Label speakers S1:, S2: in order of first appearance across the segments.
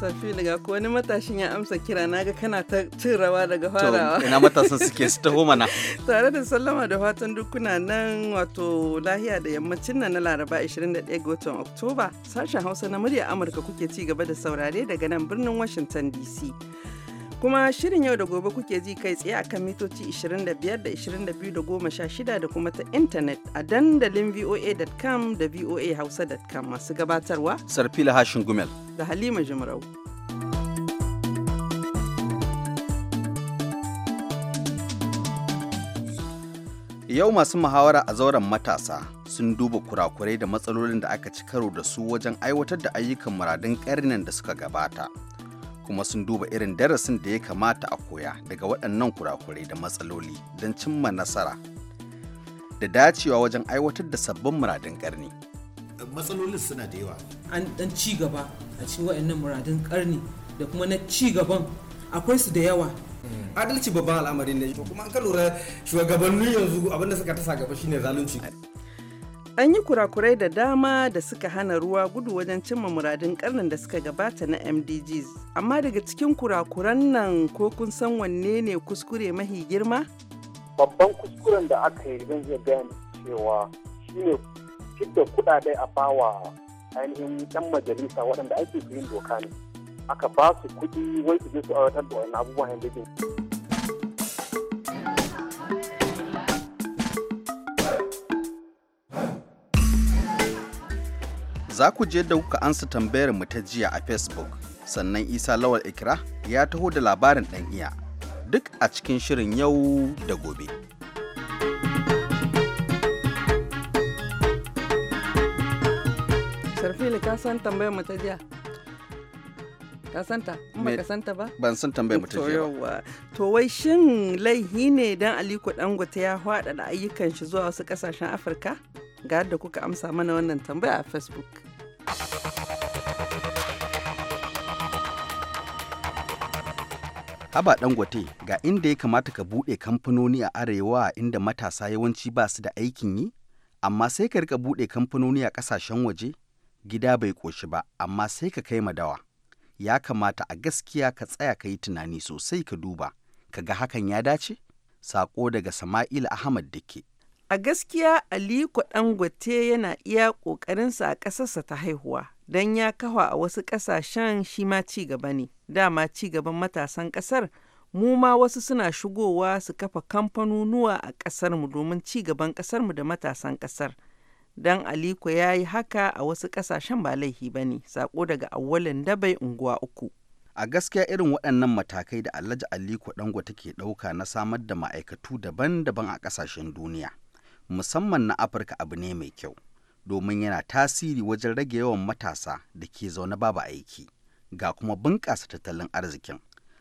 S1: safi daga ko wani matashin ya amsa kira na ga kana ta cin rawa daga farawa. Ina matasan suke su taho mana. Tare da sallama da fatan dukuna nan wato lahiya da yammacin nan na Laraba 21 ga watan Oktoba sashen Hausa na murya Amurka kuke ci gaba da saurare daga nan birnin Washington DC. Kuma shirin yau da gobe kuke ji kai tsaye akan mitoci 25 da 22 da 16 da kuma ta intanet a dandalin voa.com da voahausa.com masu gabatarwa.
S2: Sarfila Hashin Gumel.
S1: Da Halima Jimarau.
S2: Yau masu muhawara a zauren matasa sun duba kurakurai da matsalolin da aka ci karo da su wajen aiwatar da ayyukan muradun karnin da suka gabata. kuma sun duba irin darasin da ya kamata a koya daga waɗannan kurakurai da matsaloli don cimma nasara da dacewa wajen aiwatar da sabbin muradin ƙarni.
S3: matsalolin suna da yawa an dan ci gaba a cikin waɗannan muradin ƙarni da kuma na ci gaban akwai su da yawa hmm. adalci babban al'amari ne to kuma an ka lura
S4: shugabannin yanzu abinda suka tasa gaba shine zalunci
S1: An yi kurakurai da dama da suka hana ruwa gudu wajen cimma muradin karnin da suka gabata na MDGs. Amma daga cikin kurakuran nan ko kun san wanne ne kuskure mahi girma?
S5: Babban kuskuren da aka yi zan iya gane cewa shine fidda kuɗaɗe a bawa ainihin ɗan majalisa waɗanda ake yin doka ne. Aka ba su kuɗi wai su je su aiwatar da wani abubuwan MDGs.
S2: Za ku je da kuka ansa tambayar mu ta jiya a Facebook, sannan Isa Lawal Ikra ya taho da labarin ɗan iya. Duk a cikin shirin yau da gobe.
S1: Sarfili ka san tambayar mu ta jiya? Ka santa? ka santa ba?
S2: Ban san tambayar mu ta jiya ba.
S1: To wai shin laihi ne dan Aliko Dangote ya da ayyukan shi zuwa wasu ƙasashen Afirka? ga da kuka amsa mana wannan tambaya a facebook
S2: aba Dangote ga inda ya kamata ka buɗe kamfanoni a arewa inda matasa yawanci ba su da aikin yi, amma sai ka rika buɗe kamfanoni a ƙasashen waje, gida bai ƙoshi ba, amma sai ka kai madawa. Ya kamata a gaskiya ka tsaya ka yi tunani sosai ka duba, ka ga hakan ya dace? sako daga Sama'il Ahmad Dike. A gaskiya Aliko Dangote yana iya
S1: ƙoƙarinsa a ƙasarsa ta haihuwa, don ya kawa a wasu ƙasashen shi ma ci gaba ne dama ci gaban matasan ƙasar mu ma wasu suna shigowa su kafa kamfanonuwa a ƙasarmu domin ci gaban ƙasarmu da matasan ƙasar don aliko ya
S2: yi haka a wasu ƙasashen ba laifi ba ne sako daga awwalin dabai unguwa uku a gaskiya irin waɗannan matakai da alhaji aliko dango take ɗauka na samar da ma'aikatu daban-daban a ƙasashen duniya musamman na afirka abu ne mai kyau domin yana tasiri wajen rage yawan matasa da ke zaune babu aiki ga kuma bunƙasa tattalin arzikin.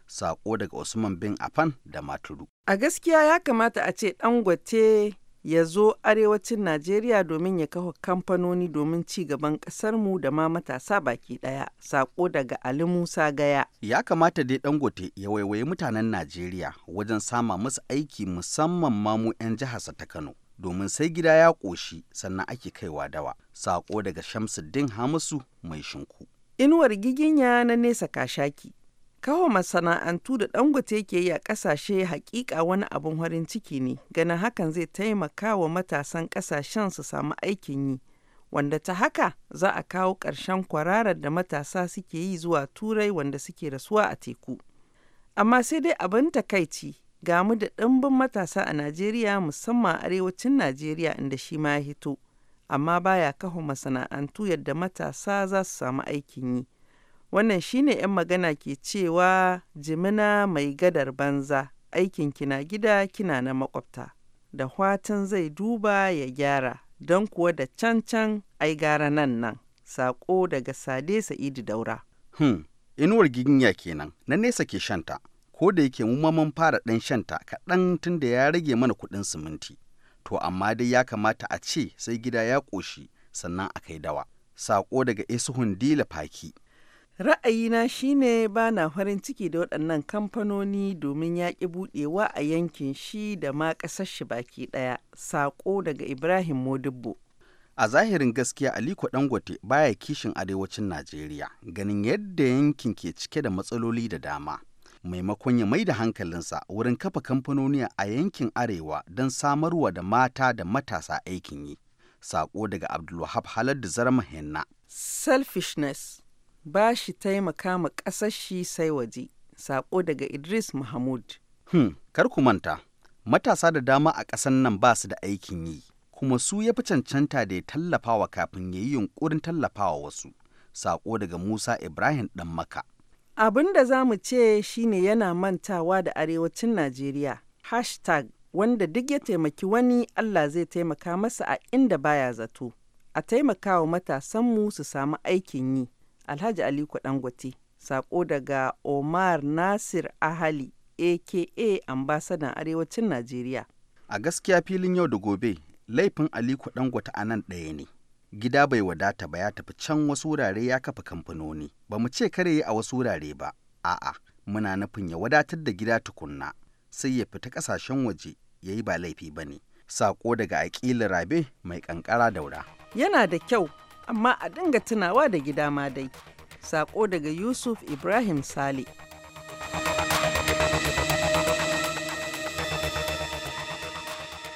S2: Sako daga Usman bin Afan da Maturu. A gaskiya ya kamata
S1: a ce Dangote ya zo arewacin Najeriya domin ya kawo kamfanoni
S2: domin ci gaban ƙasarmu da ma matasa baki ɗaya. Sako daga Ali Musa Gaya. Ya kamata dai Dangote ya waiwayi mutanen Najeriya wajen sama musu aiki musamman mamu 'yan jihar ta Kano. domin sai gida ya ƙoshi sannan ake kaiwa dawa. Saƙo daga Shamsuddin Hamisu mai shinku. Inuwar giginya na nesa
S1: kashaki. Kawo masana'antu da dangote ke yi a ƙasashe haƙiƙa wani abun farin ciki ne, ganin hakan zai taimaka wa matasan ƙasashen su samu aikin yi. Wanda ta haka za a kawo ƙarshen kwararar da matasa suke yi zuwa turai wanda suke rasuwa a teku. Amma sai dai abin takaici Ga da ɗimbin matasa a Najeriya musamman a arewacin Najeriya inda shi ma ya hito, amma baya kafa masana'antu yadda matasa za su samu aikin yi. Wannan shi ne 'yan magana ke cewa jimina mai gadar banza, aikin kina gida kina na makwabta. Da watan zai duba ya gyara, don kuwa da can can ai
S2: gara nan nan. Saƙo daga Sade Sa'idu Daura. Hmm, inuwar giginya kenan, na nesa ke shanta. ko da yake mu mun fara ɗan shanta kaɗan tun da ya rage mana kuɗin siminti. To amma dai ya kamata a ce sai gida ya ƙoshi sannan a kai dawa. sako daga Isuhun Dila Faki. Ra'ayina shine ba
S1: na farin ciki da waɗannan kamfanoni domin ya ƙi buɗewa a yankin shi da ma ƙasar shi baki ɗaya. sako daga Ibrahim Modibbo.
S2: A zahirin gaskiya Aliko Dangote baya kishin arewacin Najeriya ganin yadda yankin ke cike da matsaloli da dama. maimakon ya mai da hankalinsa wurin kafa kamfanoni a yankin arewa don samarwa da mata da matasa aikin yi. Sako daga Abdulwahab Halar da Zarma Henna.
S1: Selfishness
S2: ba shi taimaka
S1: ma ƙasar shi
S2: sai waje. Sako daga Idris Mahmud. Hmm, kar ku manta, matasa da dama a ƙasar nan ba su da aikin yi, kuma su ya fi cancanta da ya tallafawa kafin ya yi yunƙurin tallafawa wasu. Sako daga Musa Ibrahim ɗan Maka. Abin
S1: da za mu ce shine yana mantawa da arewacin Najeriya. Hashtag wanda duk ya taimaki wani Allah zai taimaka masa a inda baya zato. A taimaka taimakawa matasanmu su samu aikin yi. Alhaji Aliko Dangote. saƙo daga
S2: Omar Nasir Ahali, aka ambasadan arewacin Najeriya. A gaskiya filin yau da gobe, laifin Aliko Dangote a nan ɗaya ne. gida bai wadata ba ya tafi can wasu wurare ya kafa kamfanoni ba mu ce kare a wasu wurare ba a'a muna nufin ya wadatar da gida tukunna sai ya fita kasashen waje ya yi ba laifi ba ne sako daga aƙila rabe mai ƙanƙara daura yana da kyau
S1: amma a dinga tunawa da gida ma dai sako daga yusuf ibrahim sale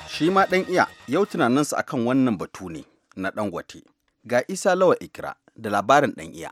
S2: shi ma ɗan iya yau tunaninsu akan wannan batu ne na Dangote. Ga Isa Lawa ikira da labarin ɗan iya.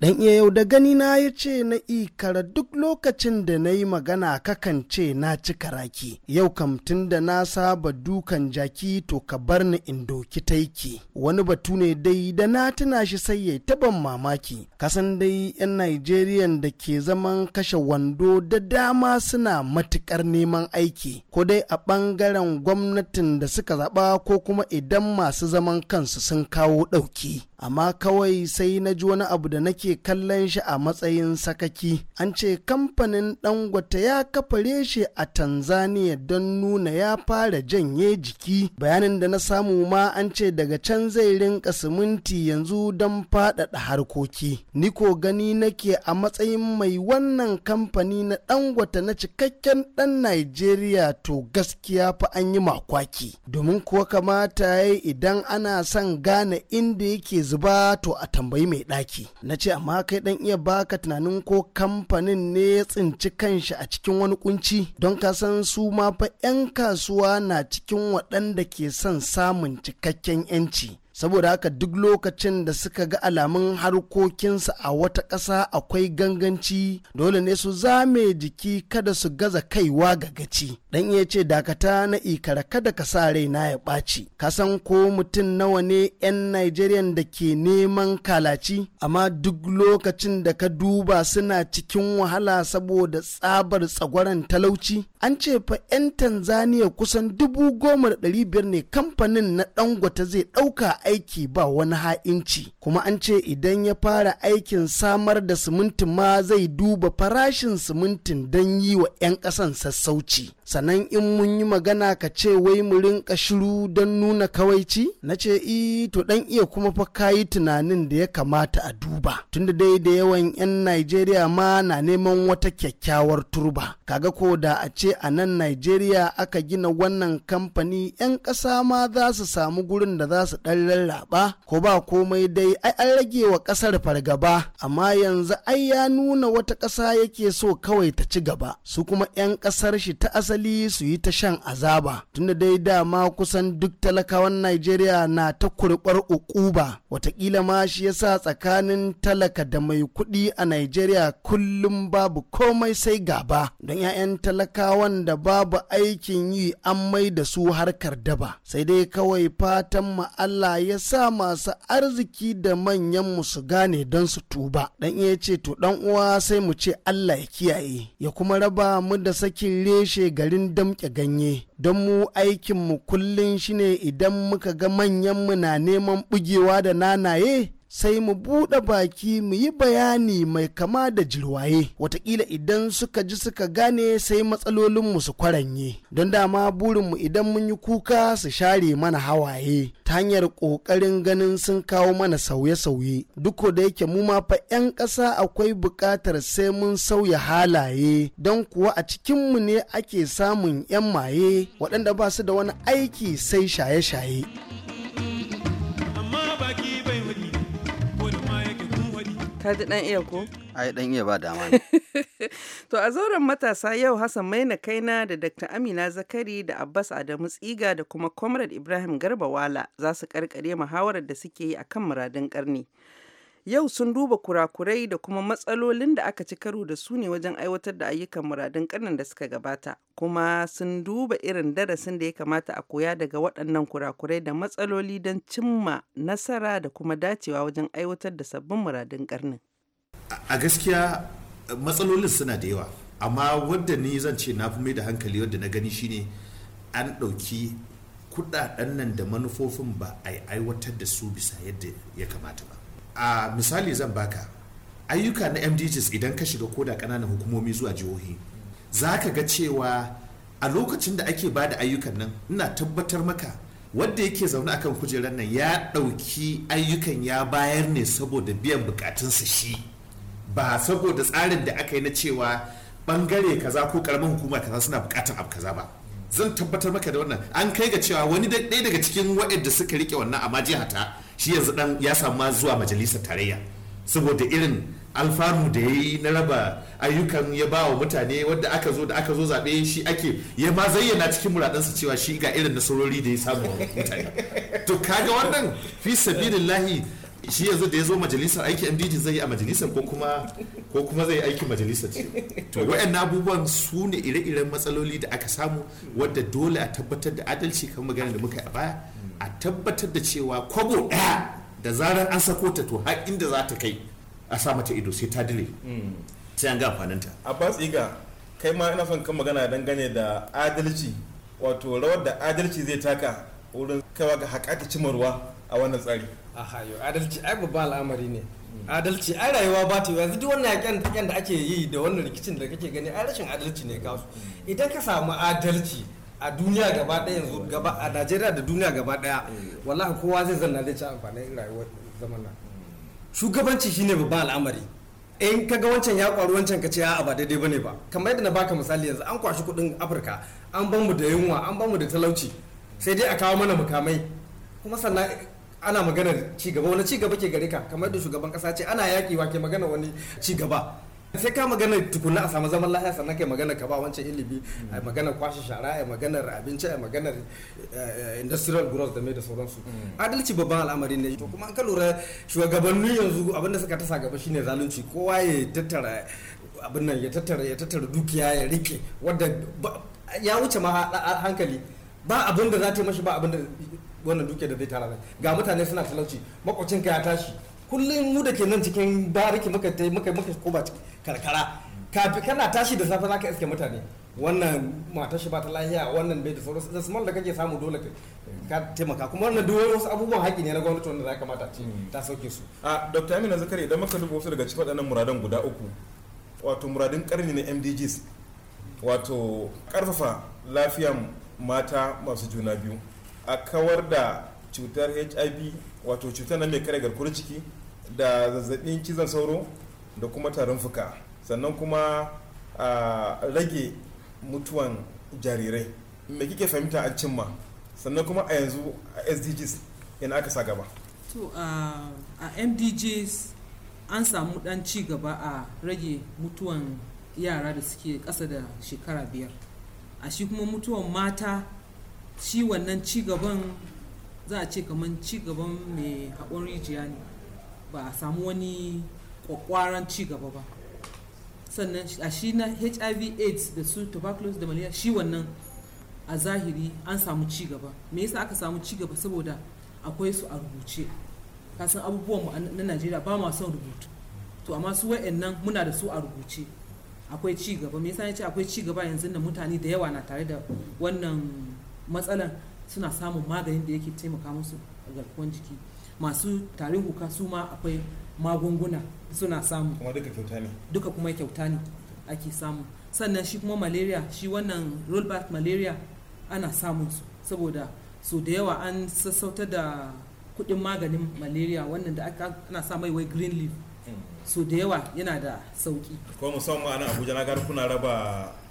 S6: Dan iya yau da gani na ya ce na ikara duk lokacin da na yi magana kakan ce na ci karaki. Yau kam tun da na saba dukan jaki to ka bar ni in doki taiki. Wani batu ne dai da na tuna shi sai ya taban mamaki. Kasan dai 'yan Nigerian da ke zaman kashe wando da dama suna matukar neman aiki. Ko dai a ɓangaren gwamnatin da suka zaɓa ko kuma idan masu zaman kansu sun kawo ɗauki. amma kawai sai na ji wani abu da nake kallon shi a matsayin sakaki an ce kamfanin dangwata ya kafa reshe a tanzania don nuna ya fara janye jiki bayanin da na samu ma an ce daga can zai rinka siminti yanzu don faɗaɗa harkoki ni ko gani nake a matsayin mai wannan kamfani na dangwata na cikakken dan najeriya to gaskiya fa an yi makwaki domin kuwa kamata idan ana son gane inda yake zuba to a tambayi mai ɗaki na ce amma kai dan iya baka tunanin ko kamfanin ne ya tsinci kanshi a cikin wani kunci don ka san su ma fa 'yan kasuwa na cikin waɗanda ke son samun cikakken 'yanci saboda haka duk lokacin da suka ga alamun harkokinsa a wata ƙasa akwai ganganci dole ne su zame jiki kada su gaza kaiwa ga gaci dan iya ce dakata na ikara kada ka sa rai na ya ɓaci kasan ko mutum nawa ne 'yan nigerian da ke neman kalaci amma duk lokacin da ka duba suna cikin wahala saboda tsabar tsagwaran talauci an ce fa 'yan tanzania kusan dubu goma da ɗari ne kamfanin na dangote zai ɗauka aiki ba wani ha'inci kuma an ce idan ya fara aikin samar da simintin ma zai duba farashin simintin don yi wa 'yan ƙasan sassauci sannan in mun yi magana ka ce wai mu rinka shiru don nuna kawaici na ce i e, to dan iya kuma fa kayi tunanin da ya kamata a duba tunda dai da yawan 'yan Najeriya ma na neman wata kyakkyawar turba kaga ko da a ce a nan Najeriya aka gina wannan kamfani 'yan ƙasa ma za su samu gurin da za su ɗan lallaɓa ko ba komai dai ai an rage wa ƙasar fargaba amma yanzu ai ya nuna wata ƙasa yake so kawai ta ci gaba su kuma 'yan ƙasar shi ta asali asali su yi ta shan azaba tunda dai dama kusan duk talakawan najeriya na ta kurɓar ukuba watakila ma shi yasa tsakanin talaka da mai kuɗi a najeriya kullum babu komai sai gaba don 'ya'yan talakawan da babu aikin yi an mai da su harkar daba sai dai kawai fatan Allah ya sa masu arziki da manyanmu su gane don su tuba dan iya ce to dan uwa sai mu ce Allah ya kiyaye ya kuma raba mu da sakin reshe gari. garin damƙe ganye don mu aikinmu kullum shine idan muka ga manyanmu na neman bugewa da nanaye sai mu buɗe baki mu yi bayani mai kama da jirwaye watakila idan suka ji suka gane sai matsalolinmu su kwaranye don dama burinmu idan mun yi kuka su share mana hawaye ta hanyar ƙoƙarin ganin sun kawo mana sauye-sauye duk da yake mu ma fa 'yan ƙasa akwai buƙatar sai mun sauya halaye don kuwa a cikinmu ne ake samun 'yan maye waɗanda ba su da wani aiki sai shaye-shaye.
S2: Ka ji dan iya ko? Ai dan iya ba dama
S6: ne.
S1: to a zauren matasa yau Hassan Maina Kaina da Dr. Amina Zakari da Abbas Adamu Tsiga da kuma Comrade Ibrahim Garba Wala za su karkare muhawarar da suke yi akan muradun karni. Yau sun duba kurakurai da kuma matsalolin da aka ci karo da su ne wajen aiwatar da ayyukan muradin ƙarnin da suka gabata, kuma sun duba irin darasin da ya kamata a koya daga waɗannan kurakurai da matsaloli don cimma nasara da kuma dacewa wajen aiwatar da sabbin muradin karnin
S7: A gaskiya matsalolin suna da yawa, amma wadda ni zan ce na fi mai da hankali wadda na gani shine an ɗauki kuɗaɗen nan da manufofin ba a aiwatar da su bisa yadda ya kamata ba. a misali zan baka ayyuka na mdgs idan ka shiga koda kananan hukumomi zuwa jihohi za ka ga cewa a lokacin da ake ba da ayyukan nan ina tabbatar maka wadda yake zaune akan kujerar nan ya ɗauki ayyukan ya bayar ne saboda biyan bukatunsa shi ba saboda tsarin da aka yi na cewa bangare kaza ko karamin hukuma kaza suna bukatar abu kaza ba zan tabbatar maka da wannan an kai ga cewa wani ɗaya daga cikin waɗanda suka rike wannan a jihata shi yanzu dan ya samu zuwa majalisar tarayya saboda irin alfanu da ya yi na raba ayyukan ya ba wa mutane wadda aka zo da aka zo zaɓe shi ake ya ma zayyana cikin muradansa cewa shi ga irin nasarori da ya samu wa mutane to kaga wannan fi sabilillahi shi yanzu da ya zo majalisar aiki mdg zai yi a majalisar ko kuma ko kuma zai yi aiki majalisar ce to waɗannan abubuwan su ne ire-iren matsaloli da aka samu wadda dole a tabbatar da adalci kan magana da muka yi a baya a tabbatar da cewa kwabo ɗaya da zarar an sako ta to har inda za ta kai a sa mata ido sai ta dile hmm. sai an ga amfaninta
S8: abbas iga kai ma ina son kan magana dangane da adalci wato rawar da adalci zai taka wurin kaiwa ga haƙaƙa cimarwa a wannan tsari a hayo adalci ai babban al'amari ne adalci ai rayuwa ba ta yanzu duk wannan yaƙen yaƙen da ake yi
S4: da wannan rikicin da kake gani ai rashin adalci ne kawo hmm. idan ka samu adalci a duniya gaba daya yanzu gaba a najeriya da duniya gaba daya eh. wallahi kowa zai zanna zai ci amfanin rayuwar zaman nan hmm. shugabanci shine babban al'amari in ka ga wancan ya kwaru wancan ka ce a ba daidai bane ba kamar yadda na baka misali yanzu an kwashi kudin afirka an ban mu da yunwa an ban mu da talauci sai dai a kawo mana mukamai kuma sannan ana maganar cigaba wani cigaba ke gare ka kamar yadda shugaban kasa ce ana yaki wa ke magana wani ci gaba sai ka magana tukuna a samu zaman lafiya sannan kai magana ka ba wancan ilimi a magana kwashe shara a magana abinci a magana eh, industrial growth da mai da sauransu mm. adalci babban al'amari ne to kuma an ka lura shugabanni yanzu abinda suka tasa gaba shine zalunci kowa ya tattara abin nan ya tattara ya tattara dukiya ya rike wadda ya wuce ma hankali ba abin da za ta yi mashi ba abin da wannan dukiya da zai tara ga mutane suna talauci makocinka ya tashi kullum mu da ke nan cikin bariki muka muka muka koba ciki karkara kafin kana tashi da safe zaka iske mutane wannan matar shi ba ta lahiya wannan bai da sauransu da small da kake samu dole ka taimaka kuma wannan duk wasu
S8: abubuwan haƙi ne na gwamnati wanda za kamata ce hmm. ta sauke su a dr amina zakari idan muka duba wasu daga cikin waɗannan muradan guda uku wato muradin ƙarni na mdgs wato ƙarfafa lafiyan mata masu juna biyu a kawar da cutar hiv wato cutar na mai kare garkuwar ciki da zazzabin cizon sauro da kuma tarin fuka sannan kuma a rage mutuwan jarirai me kike fahimta a cimma sannan kuma a yanzu a sdgs yana aka sa gaba
S3: to a mdgs an samu dan ci gaba a rage mutuwan yara da suke kasa da shekara biyar a shi kuma mutuwan mata shi wannan ci gaban za a ce kamar ci gaban mai haƙon rijiya ne ba a samu wani kwakwaran ci gaba ba sannan a shi na hiv aids da su tuberculosis da malaria shi wannan a zahiri an samu ci gaba me yasa aka samu ci gaba saboda akwai su a rubuce kasan abubuwan mu na najeriya ba ma son rubutu to amma su wa'annan muna da su a rubuce akwai ci gaba me yasa ya ce akwai ci gaba yanzu da mutane da yawa na tare da wannan matsalan suna samun maganin da yake taimaka musu a garkuwan jiki masu tarin huka su ma akwai magunguna suna samu kuma duka kyauta ne duka kuma kyauta ne ake samu sannan shi kuma malaria shi wannan rollback malaria ana samun su saboda su da yawa an sassauta da kudin maganin malaria wannan da aka ana sa mai wai green leaf hmm. so da yawa yana da sauki
S8: ko musamman ana abuja na gari kuna
S3: raba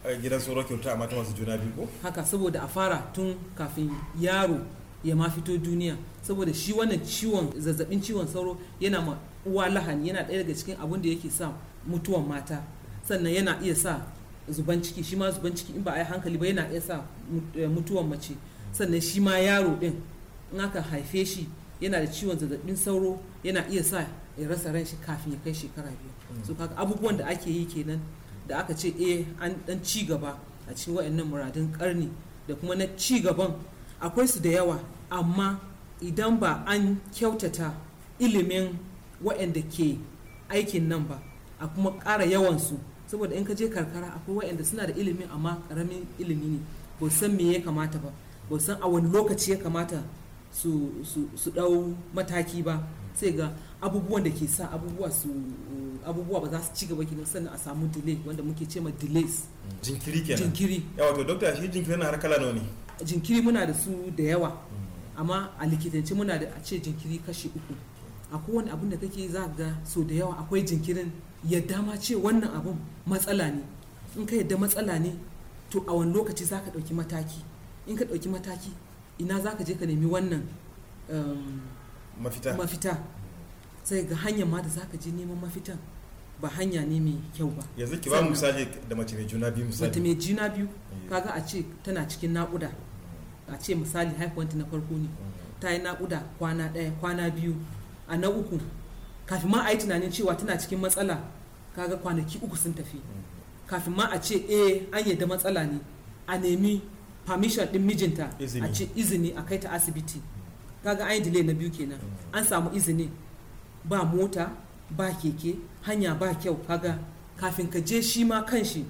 S3: eh, gidan tsoro kyauta a mata masu juna biyu ko haka saboda a fara tun kafin yaro ya ma fito duniya saboda shi wannan ciwon zazzabin ciwon sauro yana ma uwa lahani yana ɗaya daga cikin abin da yake sa mutuwan mata sannan yana iya sa zuban ciki shi ma zuban ciki in ba a yi hankali ba yana iya sa eh, mutuwan mace sannan shi ma yaro ɗin in aka haife shi yana da ciwon zazzabin sauro yana iya sa ya rasa ran shi kafin ya kai shekara biyu mm. so kaga abubuwan da ake yi kenan da aka ce eh an dan ci gaba a cikin wayannan muradun karni da kuma na ci gaban akwai su da yawa amma idan ba an kyautata ilimin waɗanda ke aikin nan ba a kuma ƙara yawansu saboda in ka je karkara akwai waɗanda suna da ilimin amma ƙaramin ilimi ne ba san me ya kamata ba ba san a wani lokaci ya kamata su ɗau mataki ba sai ga abubuwan da ke sa abubuwa su abubuwa ba za su ci gaba kenan sannan a samu delay wanda muke cewa delays jinkiri kenan jinkiri yawa to doctor shi jinkiri na har kala nawa ne jinkiri muna da su da yawa amma a likitance muna da a ce jinkiri kashi uku a kowane abin da kake za ga so da yawa akwai jinkirin yadda ma ce wannan abun matsala ne in ka yadda matsala ne to a wani lokaci za ka ɗauki mataki in ka ɗauki mataki ina za ka je ka nemi wannan um, mafita sai ga hanyar ma da za ka je neman mafitan ba hanya ne mai kyau ba yanzu ki ba misali da mace
S8: mai juna biyu misali mace mai juna biyu eh.
S3: kaga a ce tana cikin naƙuda a ce misali haihuwanta na farko ne mm-hmm. ta yi naƙuda kwana ɗaya kwana biyu a na uku kafin ma a yi tunanin cewa tana cikin matsala kaga kwanaki uku sun tafi mm-hmm. kafin ma a ce eh an yadda matsala ne a nemi permission din mijinta a ce izini a kai ta asibiti mm-hmm. kaga an yi delay na biyu kenan an samu izini ba mota ba keke hanya ba kyau kaga kafin ka je shi ma kanshi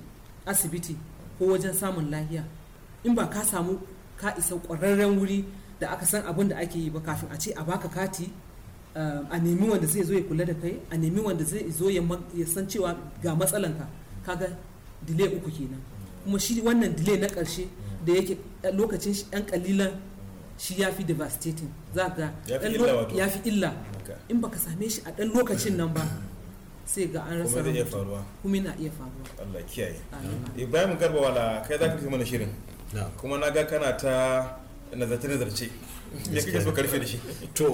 S3: asibiti ko wajen samun lahiya in ba ka samu ka isa ƙwararren wuri da aka san abin da ake yi ba kafin a ce a baka kati um, a nemi wanda zai zo ya kula da kai a nemi wanda zai zo ya san cewa ga matsalanka kaga delay uku kenan kuma shi wannan delay na ƙarshe da yake lokacin shi ɗan ƙalilan shi ya fi devastating za ga ya fi illa in baka same shi a ɗan lokacin nan ba sai ga an rasa kuma na iya faruwa
S8: Allah kiyaye Ibrahim Garba wala kai za ka mana shirin kuma na ga kana ta nazarce-nazarce ya kake so karfe da shi
S7: to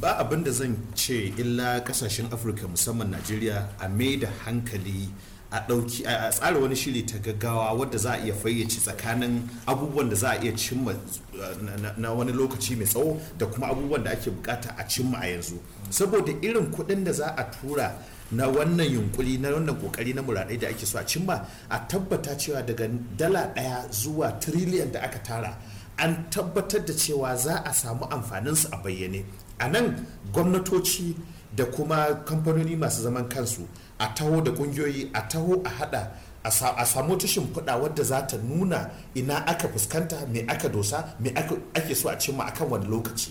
S7: ba abin da zan ce illa kasashen afirka musamman najeriya a mai da hankali a ɗauki a tsara wani shiri ta gaggawa wadda za a iya fayyace tsakanin abubuwan da za a iya cimma eh, na wani lokaci mai tsawo da kuma abubuwan da ake bukata a cimma a yanzu saboda irin kuɗin da za a tura na wannan yunkuri na wannan kokari na muradai da ake so a cimma a tabbata cewa daga dala ɗaya zuwa tiriliyan da aka tara an tabbatar da cewa za a samu amfanin su a bayyane a nan gwamnatoci da kuma kamfanoni masu zaman kansu a taho da kungiyoyi a taho a hada a samu ta shimfiɗa wadda za ta nuna ina aka fuskanta me aka dosa me ake so a cimma a kan wani lokaci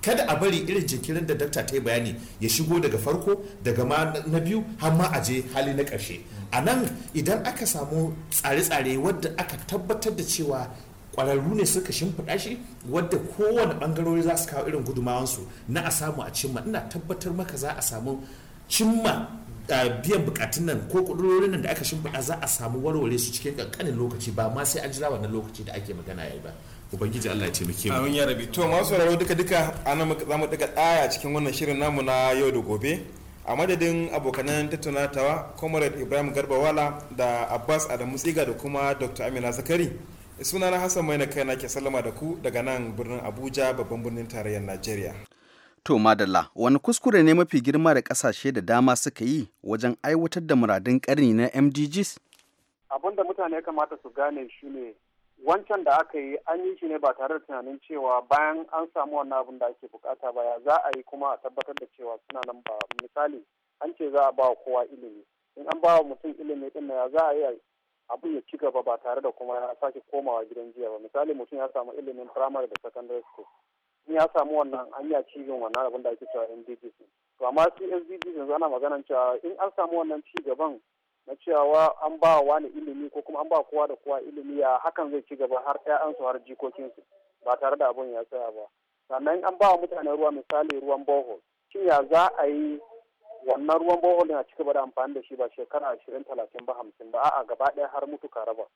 S7: kada a bari irin jinkirin da dakta ta yi bayani ya shigo daga farko daga ma na biyu har ma a je hali na ƙarshe a nan idan aka samu tsare-tsare wadda aka tabbatar da cewa kwararru ne suka shimfiɗa shi wadda kowane ɓangarori za su kawo irin gudumawansu na a samu a cimma ina tabbatar maka za a samu cimma biyan bukatun nan ko kudurorin nan da aka a za a samu warware su cikin kankanin lokaci ba ma sai an jira wannan lokaci da ake magana yayi ba ubangiji Allah ya taimake mu amin ya
S8: rabi to masu sauraro duka duka ana muka zamu daga tsaya cikin wannan shirin namu na yau da gobe a madadin abokanan tattaunatawa comrade Ibrahim garba wala da Abbas Adamu Tsiga da kuma Dr. Amina Zakari sunana Hassan Maina kai na ke sallama da ku daga nan birnin Abuja babban birnin tarayyar Najeriya
S2: To Madalla, wani kuskure ne mafi girma da ƙasashe da dama suka yi wajen aiwatar da muradun karni na MDGs?
S5: Abin da mutane kamata su gane shi ne wancan da aka yi an yi shi ne ba tare da tunanin cewa bayan an samu wannan abin da ake bukata ba ya za a yi kuma a tabbatar da cewa suna nan ba misali an ce za a ba wa kowa ilimi in an ba wa mutum ilimi din ya za a yi abin ya ci gaba ba tare da kuma ya sake komawa gidan jiya ba misali mutum ya samu ilimin primary da secondary school in ya samu wannan an yi cibin wannan abin da ake cewa NDDC. To amma su SDG yanzu ana maganan cewa in an samu wannan ci gaban na cewa an ba wa wani ilimi ko kuma an ba kowa da kowa ilimi ya hakan zai ci gaba har 'ya'yansu har jikokinsu ba tare da abun ya tsaya ba. Sannan an ba wa mutane ruwa misali ruwan bohol. Shin ya za a yi wannan ruwan bohol na ci gaba da amfani da shi ba shekara ashirin talatin ba hamsin ba a'a gaba ɗaya har mutu raba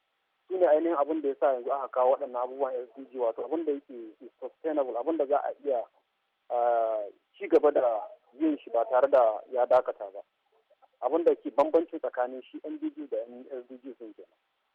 S5: shi ne ainihin abin da ya sa yanzu aka kawo waɗannan abubuwan SDG wato abin da yake sustainable abin da za a iya ci gaba da yin shi ba tare da ya dakata ba abin da ke bambanci tsakanin shi NDG da SDG sun ke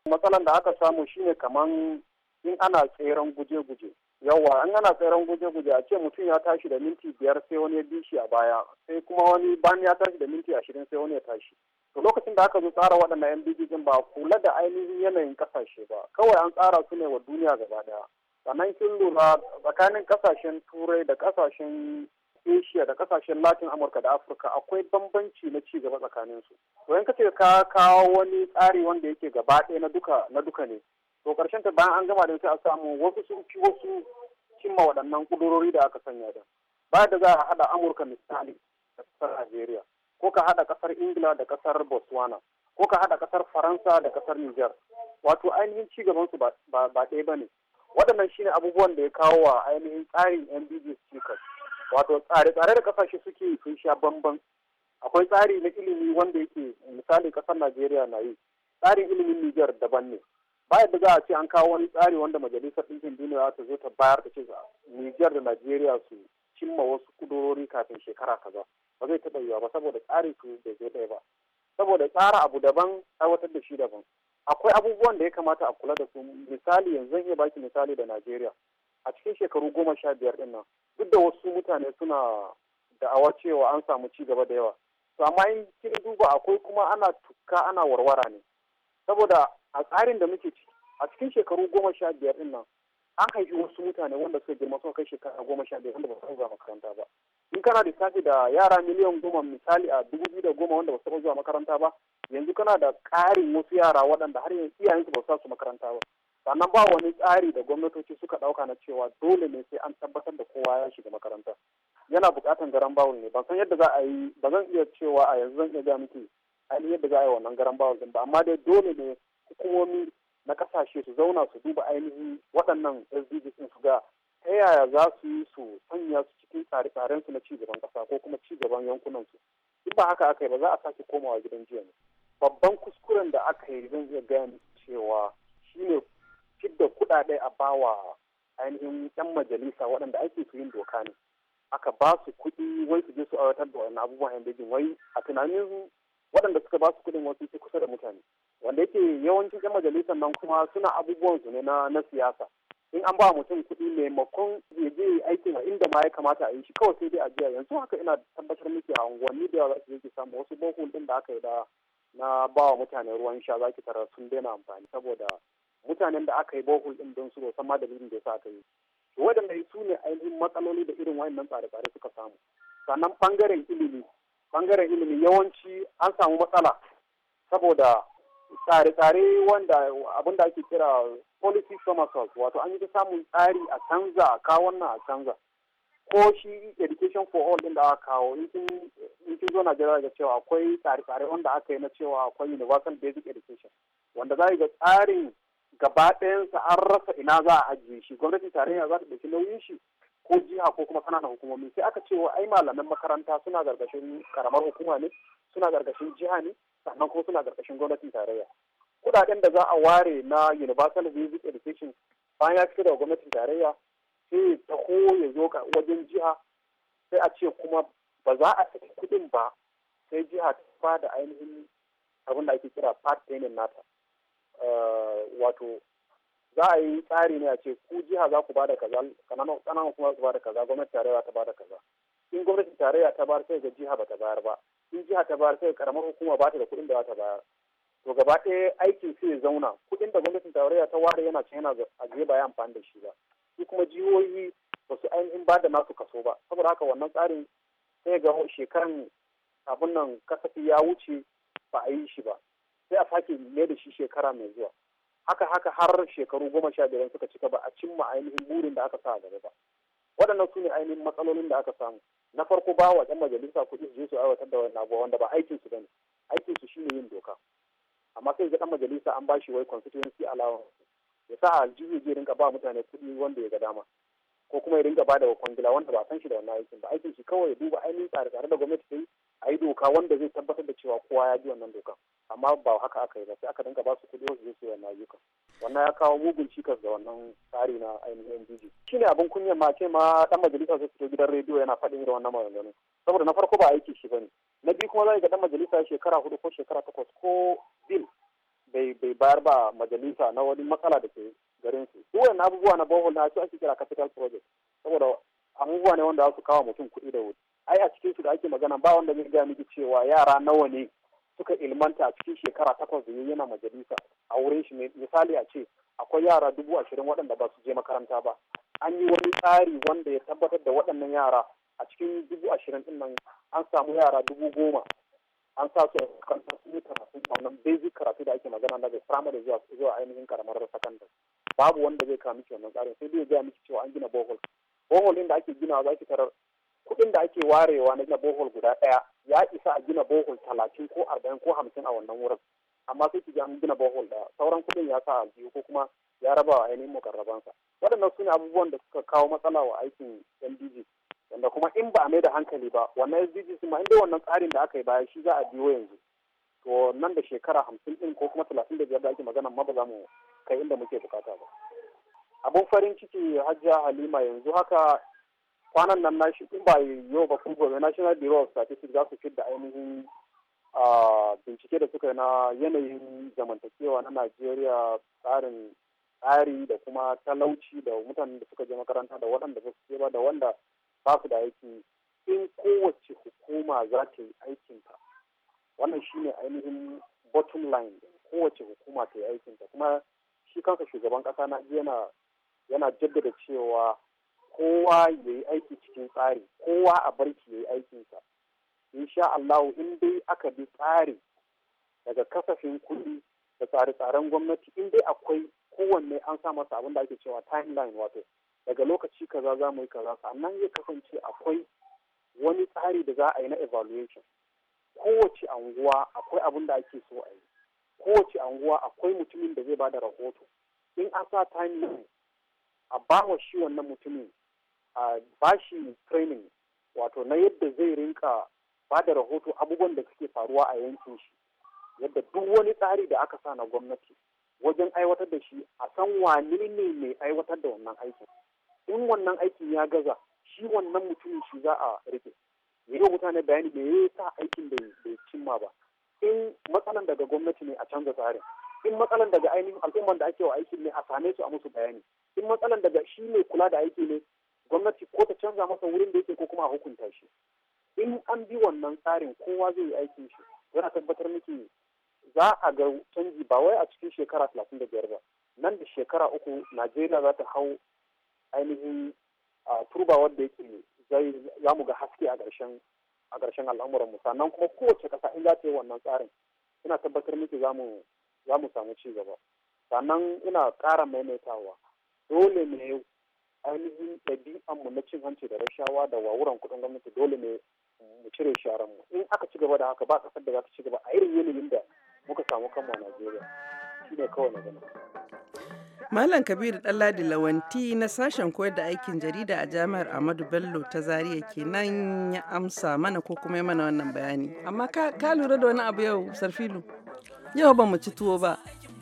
S5: matsalan da aka samu shine kaman in ana tseren guje-guje yawa in ana tseren guje-guje a ce mutum ya tashi da minti biyar sai wani ya bi a baya sai kuma wani bani ya tashi da minti ashirin sai wani ya tashi to lokacin da aka zo tsara waɗannan yan din ba kula da ainihin yanayin kasashe ba kawai an tsara su ne wa duniya gaba daya sannan kin lura tsakanin kasashen turai da kasashen asia da kasashen latin amurka da afirka akwai bambanci na ci gaba tsakanin su to in ce ka kawo wani tsari wanda yake gaba ɗaya na duka na duka ne to ƙarshen ta bayan an gama da sai a samu wasu sun fi wasu cimma waɗannan kudurori da aka sanya da ba da za a haɗa amurka misali da ƙasar najeriya ko ka haɗa ƙasar ingila da ƙasar botswana ko ka haɗa ƙasar faransa da ƙasar niger wato ainihin ci gaban su ba ɗaya ba ne waɗannan shine abubuwan da ya kawo wa ainihin tsarin mbg cikas wato tsare-tsare da ƙasashe suke sun sha bamban akwai tsari na ilimi wanda yake misali ƙasar najeriya na yi tsarin ilimin niger daban ne ba da za a ce an kawo wani tsari wanda majalisar ɗinkin duniya ta zo ta bayar da ce niger da najeriya su cimma wasu kudurori kafin shekara kaza ba zai taɓa yiwa ba saboda tsarin su bai zo ɗaya ba saboda tsara abu daban aiwatar da shi daban akwai abubuwan da ya kamata a kula da su misali yanzu zan iya baki misali da najeriya a cikin shekaru goma sha biyar ɗin nan duk da wasu mutane suna da'awa cewa an samu ci gaba da yawa to amma in kin duba akwai kuma ana tuka ana warwara ne saboda a tsarin da muke ciki a cikin shekaru goma sha biyar ɗin nan an haifi wasu mutane wanda suka girma suka kai shekara goma sha biyar wanda ba su zuwa makaranta ba in kana lissafi da yara miliyan goma misali a dubu biyu da goma wanda ba su zuwa makaranta ba yanzu kana da ƙarin wasu yara waɗanda har yanzu iyayensu ba su sa makaranta ba sannan ba wani tsari da gwamnatoci suka ɗauka na cewa dole ne sai an tabbatar da kowa ya shiga makaranta yana buƙatar garan bawul ne ban san yadda za a yi ba zan iya cewa a yanzu zan iya ga miki ainihin yadda za a yi wannan garan bawul ba amma dai dole ne hukumomi na ƙasashe su zauna su duba ainihin waɗannan sdg din su ga ta yaya za su yi su sanya su cikin tsare su na cigaban ƙasa ko kuma cigaban yankunansu in ba haka aka yi ba za a sake komawa gidan jiya ne babban kuskuren da aka yi zan iya gane cewa shine fidda kuɗaɗe a bawa ainihin yan majalisa waɗanda ake su yin doka ne aka ba su kuɗi wai su je su aiwatar da wannan abubuwan yan bejin wai a tunanin waɗanda suka ba su kuɗin wasu su kusa da mutane wanda yake yawancin yan majalisan nan kuma suna abubuwan su ne na siyasa in an ba mutum kuɗi maimakon ya je aikin a inda ma ya kamata a yi shi kawai sai dai a jiya yanzu haka ina tabbatar miki a unguwanni da yawa za ki samu wasu bohol ɗin da aka yi da na ba wa mutane ruwan sha za ki tara sun daina amfani saboda mutanen da aka yi bohol ɗin don su ba san ma dalilin da yasa aka yi waɗanda su ne ainihin matsaloli da irin wayannan tsare-tsare suka samu sannan ɓangaren ilimi ɓangaren ilimi yawanci an samu matsala saboda tsare-tsare wanda abin da ake kira policy somersault wato an yi ta samun tsari a canza a kawo wannan a canza ko shi education for all din da aka kawo in kin zo Najeriya ga cewa akwai tsare-tsare wanda aka yi na cewa akwai universal basic education wanda za yi ga tsarin gaba ɗayansa an rasa ina za a ajiye shi gwamnatin tarayya za ta ɗauki nauyin shi ko jiha ko kuma kananan hukumomi sai aka cewa ai malaman makaranta suna gargashin karamar hukuma ne suna gargashin jiha ne sannan kuma suna gargashin gwamnatin tarayya kudaden da za a ware na universal basic education bayan ya fito daga gwamnatin tarayya sai ta ya zo wajen jiha sai a ce kuma ba za a saki kudin ba sai jiha ta ba da ainihin abin da ake kira part payment nata eh, wato za a yi tsari ne a ce ku jiha za ku ba da kaza kananan kuma za ku ba da kaza gwamnati tarayya ta ba da kaza in gwamnatin tarayya ta bayar sai ga jiha ba ta bayar ba in jiha ta bayar sai karamar hukuma ba ta da kuɗin da za ta bayar to gaba ɗaya aikin sai ya zauna kuɗin da gwamnatin tarayya ta ware yana can yana ajiye ba ya amfani da shi ba su kuma jihohi ba su ainihin ba da nasu kaso ba saboda haka wannan tsarin sai ga shekaran abin nan kasafi ya wuce ba a yi shi ba sai a sake ne da shi shekara mai zuwa haka haka har shekaru goma sha biyar suka cika ba a cimma ainihin burin da aka sa a gaba ba waɗannan su ne ainihin matsalolin da aka samu na farko ba wa ɗan majalisa kuɗi su je su aiwatar da wannan abuwa wanda ba aikinsu ba ne aikinsu shine yin doka amma sai ga dan majalisa an bashi wai constituency allowance ya sa aljihu zai rinka ba mutane kuɗi wanda ya ga dama ko kuma ya rinka ba da kwangila wanda ba san shi da wannan aikin ba aikin shi kawai ya duba ainihin tsare tsare da gwamnati ta yi a yi doka wanda zai tabbatar da cewa kowa ya ji wannan doka amma ba haka aka yi ba sai aka rinka ba su kuɗi wasu zai wannan ayyukan wannan ya kawo mugun cikas da wannan tsari na ainihin NDG shi ne abin kunyan ma ce ma dan majalisa zai fito gidan rediyo yana faɗin irin wannan maganganu saboda na farko ba aiki shi ba ne na biyu kuma za ga dan majalisa shekara hudu ko shekara takwas ko bai bai bayar ba majalisa na wani matsala da ke garin su su abubuwa na bohol na su ake kira capital project saboda abubuwa ne wanda za su kawo mutum kuɗi da wuri ai a cikin su da ake magana ba wanda zai gaya miki cewa yara nawa ne suka ilmanta a cikin shekara takwas da yana majalisa a wurin shi misali a ce akwai yara dubu ashirin waɗanda ba su je makaranta ba an yi wani tsari wanda ya tabbatar da waɗannan yara a cikin dubu ashirin ɗin nan an samu yara dubu goma an sa su a karatu wannan basic karatu da ake magana daga primary zuwa zuwa ainihin karamar sakandare babu wanda zai kawo miki wannan tsarin sai dai zai miki cewa an gina bohol bohol din da ake gina za ki tarar kuɗin da ake warewa na gina bohol guda ɗaya ya isa a gina bohol talatin ko arba'in ko hamsin a wannan wurin amma sai ki ji an gina bohol ɗaya sauran kuɗin ya sa a biyu ko kuma ya raba wa ainihin mukarrabansa waɗannan su ne abubuwan da suka kawo matsala wa aikin ndg wanda kuma in ba a mai da hankali ba wannan sdg ma inda wannan tsarin da aka yi baya shi za a biyo yanzu to nan da shekara hamsin din ko kuma talatin da biyar da ake magana ma ba za mu kai inda muke bukata ba abun farin ciki hajjia halima yanzu haka kwanan nan na shi in ba yau ba kuma gobe national bureau of statistics za su fidda ainihin bincike da suka yi na yanayin zamantakewa na najeriya tsarin tsari da kuma talauci da mutanen da suka je makaranta da waɗanda ba su ba da wanda basu da aiki in kowace hukuma za ta yi aikinta wannan shi ne ainihin bottom line kowace hukuma ta yi aikinta kuma shi kansa shugaban kasa na yana yana jaddada cewa kowa ya yi aiki cikin tsari kowa a barki ya yi aikinsa insha Allah in dai aka bi tsari daga kasafin kuɗi da tsare-tsaren gwamnati in dai akwai kowanne an sa masa abin da ake cewa timeline wato daga lokaci kaza za mu yi kaza sannan zai kasance akwai wani tsari da za a yi na evaluation kowace anguwa akwai abun da ake so a yi kowace anguwa akwai mutumin da zai ba da rahoto in an sa time a ba wa shi wannan mutumin a ba shi training wato na yadda zai rinka ba da rahoto abubuwan da suke faruwa a yankin shi yadda duk wani tsari da aka sa na gwamnati wajen aiwatar da shi a san wane ne mai aiwatar da wannan aikin in wannan aikin ya gaza shi wannan mutumin shi za a rufe ya yi mutane bayani da ya sa aikin bai cimma ba in matsalan daga gwamnati ne a canza tsarin
S6: in matsalan daga
S5: ainihin al'umman da ake wa aikin ne a same su a musu bayani in matsalan daga shi ne kula da aiki ne gwamnati ko ta canza masa wurin da yake ko kuma a hukunta shi in an bi wannan tsarin kowa zai yi aikin shi yana tabbatar miki za a ga canji ba wai a cikin shekara talatin da biyar ba nan da shekara uku najeriya za ta hau ainihin ah, turba wanda yake zai za mu ga haske a ƙarshen al'amuran mu sannan kuma kowace ƙasa in za ta yi wannan tsarin ina tabbatar miki za mu za mu samu ci gaba sannan ina ƙara maimaitawa dole ne ainihin ɗabi'an mu na cin hanci da rashawa da wawuran kuɗin gwamnati dole ne mu cire sharan mu in aka ci gaba da haka ba ƙasar da za ta ci gaba a irin yanayin da muka samu kanmu a Najeriya shine kawai na gani.
S1: Malam Kabiru Ɗanladi Lawanti na sashen koyar da aikin jarida a jami'ar Ahmadu Bello ta Zaria kenan ya amsa mana ko kuma ya mana wannan bayani. Amma ka, lura da wani abu yau Sarfilu? Yau ba mu ci tuwo ba.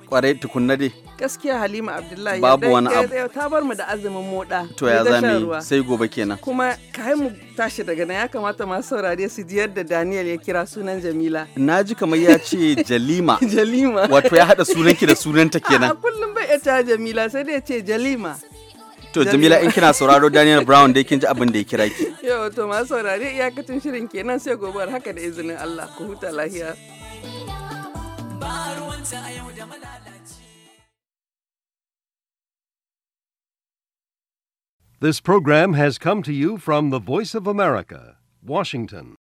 S2: Kwarai tukunna dai.
S1: Gaskiya Halima Abdullahi. Babu wani abu. Ta bar mu da azumin moɗa. To ya zame sai gobe kenan. Kuma ka mu tashi daga nan ya kamata masu saurare su ji yadda Daniel ya kira sunan Jamila.
S2: Na ji kamar ya ce Jalima.
S1: Jalima. Wato ya haɗa sunanki
S2: da sunanta kenan. A
S1: ita Jamila sai dai ce Jalima.
S2: To Jamila in kina sauraro Daniel Brown dai kin ji abin da ya kira ki.
S1: to ma saurare iyakacin shirin kenan sai gobe haka da izinin Allah ku huta lahiya.
S4: This program has come to you from the Voice of America, Washington.